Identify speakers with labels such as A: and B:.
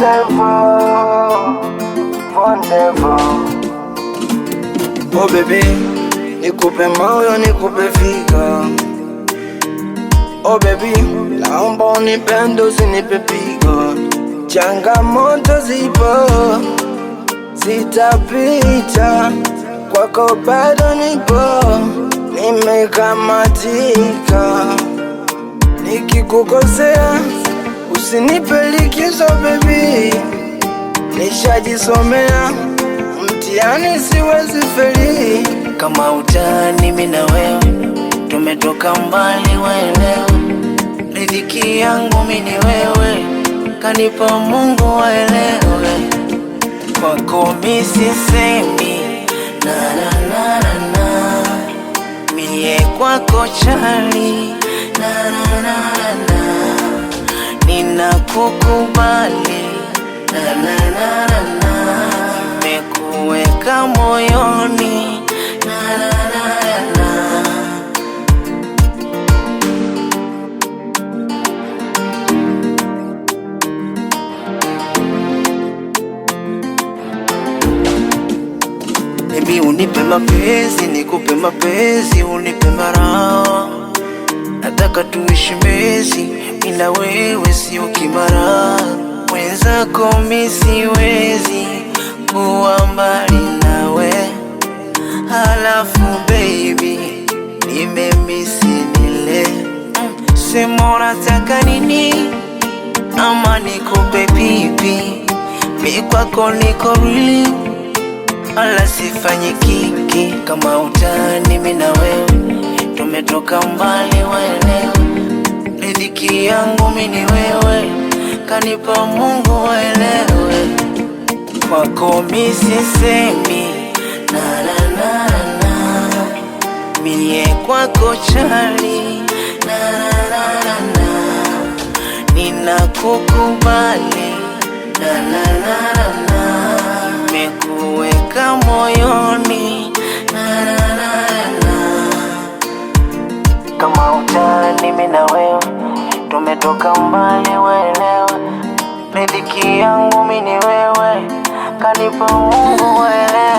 A: Wonderful, wonderful. Oh baby, nikupe moyo nikupe figa. Oh baby, naomba unipende usinipe pigo. Changamoto zipo zitapita kwako bado nipo, nimekamatika. Nikikukosea usinipe nishajisomea mtihani siwezi feli.
B: Kama utani mimi na wewe tumetoka mbali, waelewe. Riziki yangu mimi ni wewe, kanipa Mungu, waelewe. Kwako mimi sisemi na na na na na, mie kwako chali na na na na, ninakukubali moyoni na, na, na, na.
C: Baby, unipe mapenzi, nikupe mapenzi, unipe maraha, nataka tuishi mezi, bila wewe sio kimara, wenzako mimi siwezi unataka nini ama nikupe pipi? Mi kwako niko rili ala sifanyi kiki,
B: kama utani mimi na wewe tumetoka mbali, waelewe riziki yangu mimi ni wewe, kanipa Mungu waelewe, kwako mimi sisemi na na na na mie kwako chali na Nakukubali na na nimekuweka moyoni na na na na, kama utani mimi na wewe tumetoka mbali, waelewa miliki yangu mimi ni wewe, kanipa Mungu waelewa